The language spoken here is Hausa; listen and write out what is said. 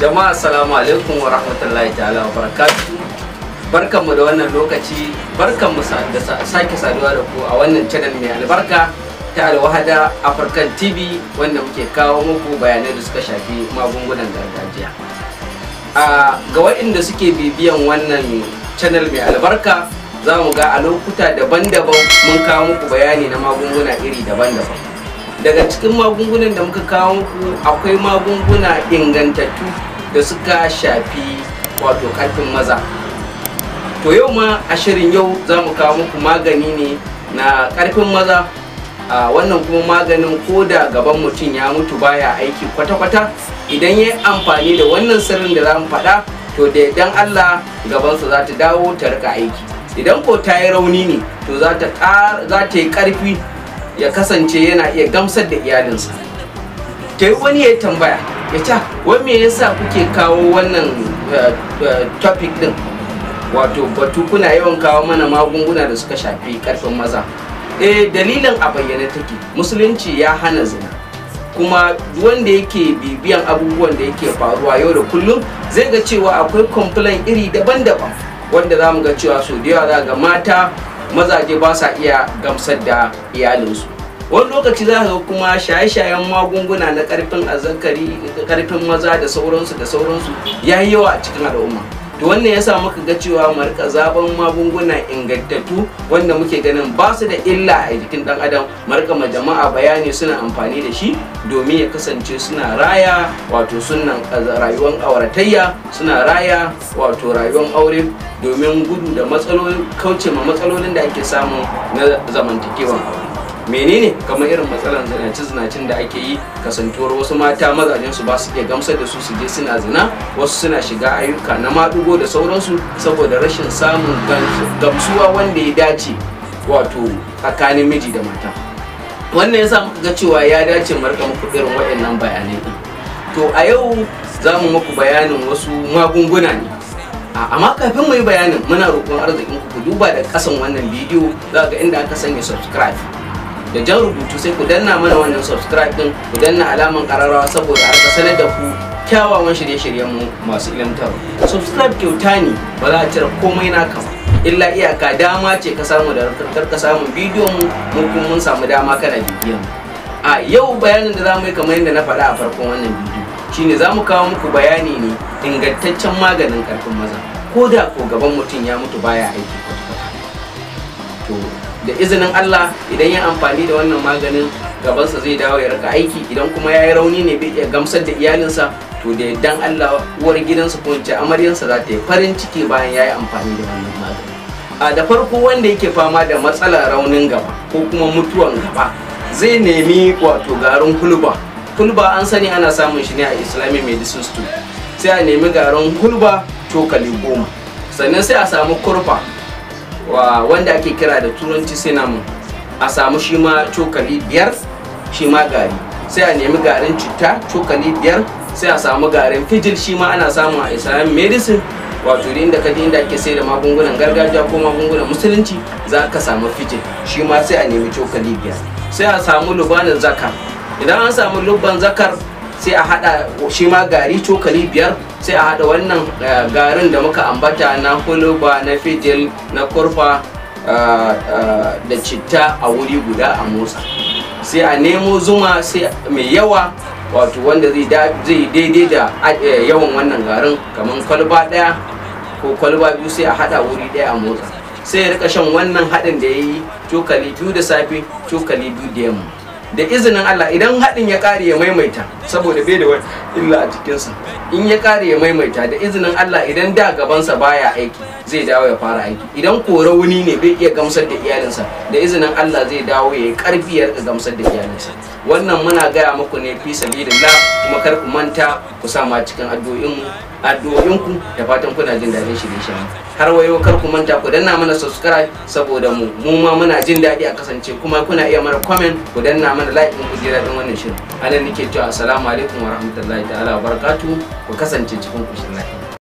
jama'a assalamu alaikum wa rahmatullahi ta'ala wa barkatu. barkanmu da wannan lokaci barkanmu da sake saduwa da ku a wannan channel mai albarka ta alwahada african tv wanda muke kawo muku bayanai da suka shafi magungunan gargajiya ga waɗanda suke bibiyan wannan channel mai albarka za mu ga a lokuta daban-daban mun kawo muku bayani na magunguna iri daban-daban daga cikin magungunan da muka kawo muku akwai magunguna ingantattu da suka shafi wato karfin maza to yau ma a shirin yau za mu kawo muku magani ne na karfin maza a wannan kuma maganin ko da gaban mutum ya mutu baya aiki kwata-kwata idan ya amfani da wannan sirrin da za mu faɗa to da dan Allah gabansa za ta dawo ta rika aiki idan ko ta yi rauni ne to za ta yi ƙarfi ya kasance yana iya gamsar da iyalinsa ta yi wani ya tambaya ya ta, wai me yasa kuke kawo wannan eh, eh, topic din wato batu kuna yawan kawo mana magunguna da suka shafi karfin maza eh dalilin a bayyane take musulunci ya hana zina kuma wanda yake bibiyan abubuwan da yake faruwa yau da kullum zai ga cewa akwai complain iri daban-daban wanda za mu ga cewa sau da yawa za ga mata mazaje ba sa iya gamsar da iyalinsu wani lokaci za ka kuma shaye-shayen magunguna na karfin da karfin maza da sauransu da sauransu ya yi yawa a cikin al'umma to wannan ya yasa muka ga cewa mu zaben magunguna ingantattu wanda muke ganin ba su da illa a jikin dan adam marka ma jama'a bayani suna amfani da shi domin ya kasance suna raya wato sunan rayuwar auratayya suna raya wato rayuwar aure domin gudu da matsalolin kauce ma matsalolin da ake samu na zamantakewan aure menene kamar irin matsalar zinace zinacin da ake yi kasantuwar wasu mata mazajen su ba su iya gamsar da su su je suna zina wasu suna shiga ayyuka na madugo da sauransu saboda rashin samun gamsuwa wanda ya dace wato tsakanin miji da mata wannan yasa muka ga cewa ya dace mu rika muku irin waɗannan bayanai to a yau za mu muku bayanin wasu magunguna ne amma kafin mu yi bayanin muna roƙon arzikin ku duba da ƙasan wannan bidiyo za ga inda aka sanya subscribe da jan rubutu sai ku danna mana wannan subscribe din ku danna alaman kararrawa saboda a sanar da ku kyawawan shirye-shiryenmu masu ilimtar subscribe kyauta ne ba za a cire komai na ka illa iyaka dama ce ka samu da kar ka samu bidiyon mu mu kuma mun samu dama kana bidiyo a yau bayanin da zamu yi kamar yadda na faɗa a farkon wannan bidiyo shine zamu kawo muku bayani ne ingantaccen maganin karfin maza ko da ko gaban mutum ya mutu baya aiki kwata da izinin Allah idan ya amfani da wannan maganin gabansa zai dawo ya raka aiki idan kuma ya yi rauni ne bai iya gamsar da iyalinsa to da dan Allah uwar gidansa ko ce amaryansa za ta yi farin ciki bayan ya yi amfani da wannan maganin. a da farko wanda yake fama da matsalar raunin gaba ko kuma mutuwan gaba zai nemi wato garin kulba hulba an sani ana samun shi ne a islamic medicine School sai a nemi garin hulba cokali goma sannan sai a samu kurfa wanda ake kira da turanci cinnamon a samu shi ma cokali biyar shi ma gari sai a nemi garin citta cokali biyar sai a samu garin fijil shi ma ana samu a islamic medicine wato da ka je inda ake sai da magungunan gargajiya ko magungunan musulunci za ka samu fijil shi ma sai a nemi cokali biyar sai a samu lubanin zakar idan an samu lubban zakar sai a hada shi ma gari cokali biyar sai a haɗa wannan eh, garin da muka ambata na kuluba na fitil na kurfa eh, eh, da citta a wuri guda a motsa sai a nemo zuma sai mai yawa wato wanda zai daidai da yawan wannan garin kamar kwalba ɗaya ko kwalba biyu sai a haɗa wuri ɗaya a motsa sai rika shan wannan haɗin da ya yi cokali biyu da safe cokali biyu da yamma da izinin Allah idan haɗin ya ƙare ya maimaita saboda bai da wani illa a jikinsa in ya ƙare ya maimaita da izinin Allah idan da gabansa baya aiki zai dawo ya fara aiki idan kora wuni ne bai iya gamsar da iyalinsa da izinin Allah zai dawo ya yi ƙarfi ya gamsar da iyalinsa wannan muna gaya muku ne fi sabilillah kuma kar ku manta ku sa ma cikin addu'o'in addu'o'inku da fatan kuna jin daɗin shi da har wayo kar ku manta ku danna mana subscribe saboda mu mu ma muna jin daɗi a kasance kuma kuna iya mana comment ku danna mana like din ku ji daɗin wannan shirin anan nake cewa assalamu alaikum warahmatullahi ta'ala wabarakatuh ku kasance cikin kushin lafiya